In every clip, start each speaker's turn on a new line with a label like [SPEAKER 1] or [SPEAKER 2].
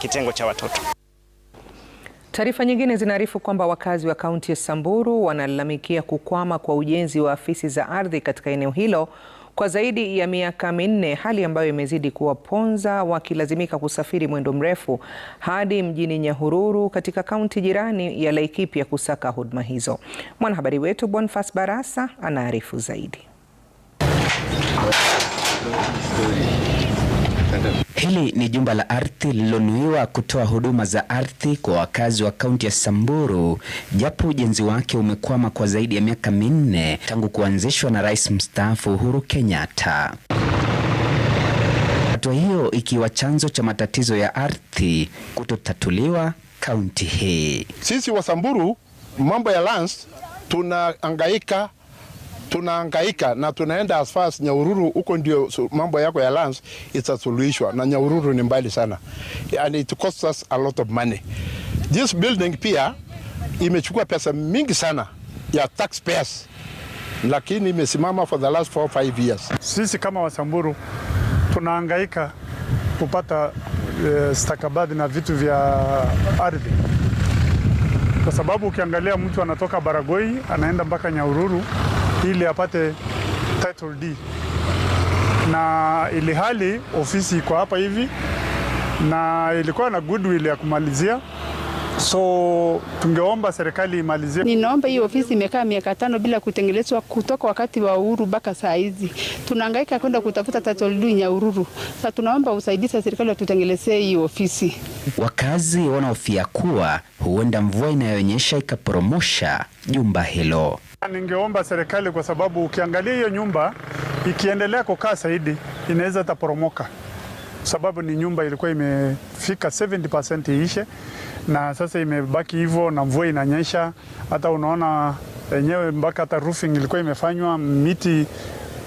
[SPEAKER 1] kitengo cha watoto. Taarifa nyingine zinaarifu kwamba wakazi wa kaunti ya Samburu wanalalamikia kukwama kwa ujenzi wa afisi za ardhi katika eneo hilo kwa zaidi ya miaka minne, hali ambayo imezidi kuwaponza wakilazimika kusafiri mwendo mrefu hadi mjini Nyahururu katika kaunti jirani ya Laikipia kusaka huduma hizo. Mwanahabari wetu Bonfas Barasa anaarifu zaidi.
[SPEAKER 2] Hili ni jumba la ardhi lililonuiwa kutoa huduma za ardhi kwa wakazi wa kaunti ya Samburu, japo ujenzi wake umekwama kwa zaidi ya miaka minne tangu kuanzishwa na rais mstaafu Uhuru Kenyatta. Hatua hiyo ikiwa chanzo cha matatizo ya ardhi kutotatuliwa kaunti hii.
[SPEAKER 3] Sisi wa Samburu, mambo ya lands tunaangaika tunaangaika na tunaenda as far as Nyahururu, huko ndio so, mambo yako ya lands itasuluhishwa, na Nyahururu ni mbali sana and it costs us a lot of money. This building pia imechukua pesa mingi sana ya taxpayers, lakini imesimama for the last 4 5 years.
[SPEAKER 4] Sisi kama Wasamburu tunaangaika kupata uh, stakabadhi na vitu vya ardhi kwa sababu ukiangalia mtu anatoka Baragoi anaenda mpaka Nyahururu ili apate title deed, na ili hali ofisi iko hapa hivi na ilikuwa na goodwill ya kumalizia, so tungeomba serikali imalizie.
[SPEAKER 5] Ninaomba hii ofisi imekaa miaka tano bila kutengenezwa kutoka wakati wa uhuru mpaka saa hizi, tunahangaika kwenda kutafuta title deed uhuru. Sasa tunaomba usaidizi wa serikali watutengenezee hii ofisi.
[SPEAKER 2] Wakazi wanaofia kuwa huenda mvua inayonyesha ikaporomosha jumba hilo.
[SPEAKER 4] Ningeomba serikali kwa sababu ukiangalia hiyo nyumba ikiendelea kukaa zaidi inaweza taporomoka, sababu ni nyumba ilikuwa imefika 70% iishe, na sasa imebaki hivyo, na mvua inanyesha, hata unaona enyewe mpaka hata roofing ilikuwa imefanywa, miti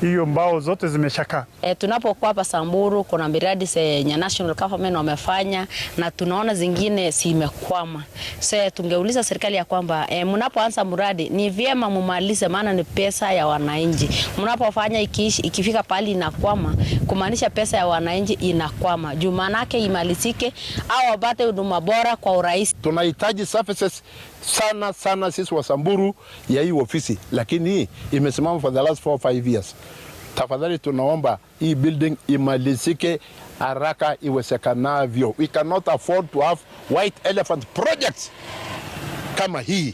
[SPEAKER 4] hiyo mbao zote zimeshakaa.
[SPEAKER 6] E, tunapokuwa hapa Samburu kuna miradi yenye national government wamefanya na tunaona zingine zimekwama. Si So eh, tungeuliza serikali ya kwamba e, mnapoanza mradi ni vyema mumalize, maana ni pesa ya wananchi. Mnapofanya ikiishi, ikifika pali inakwama, kumaanisha pesa ya wananchi inakwama, juu maanake imalizike au wapate huduma bora kwa urahisi.
[SPEAKER 3] Tunahitaji services sana sana sisi Wasamburu ya hii ofisi, lakini imesimama for the last 4 5 years. Tafadhali tunaomba hii building imalizike haraka iwezekanavyo. We cannot afford to have white elephant projects kama hii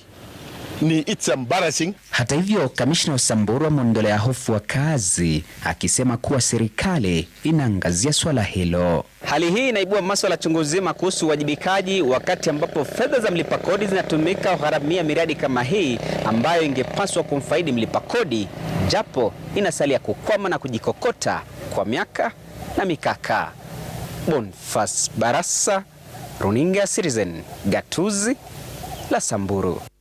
[SPEAKER 3] ni it's embarrassing.
[SPEAKER 2] Hata hivyo, kamishna Samburu ameondolea hofu wa kazi akisema kuwa serikali inaangazia swala hilo.
[SPEAKER 1] Hali hii inaibua maswala chungu zima kuhusu uwajibikaji, wakati ambapo fedha za mlipa kodi zinatumika kugharamia miradi kama hii ambayo ingepaswa kumfaidi mlipa kodi, japo inasalia kukwama na kujikokota kwa miaka na mikaka. Bonfas Barasa, Runinga Citizen, gatuzi la Samburu.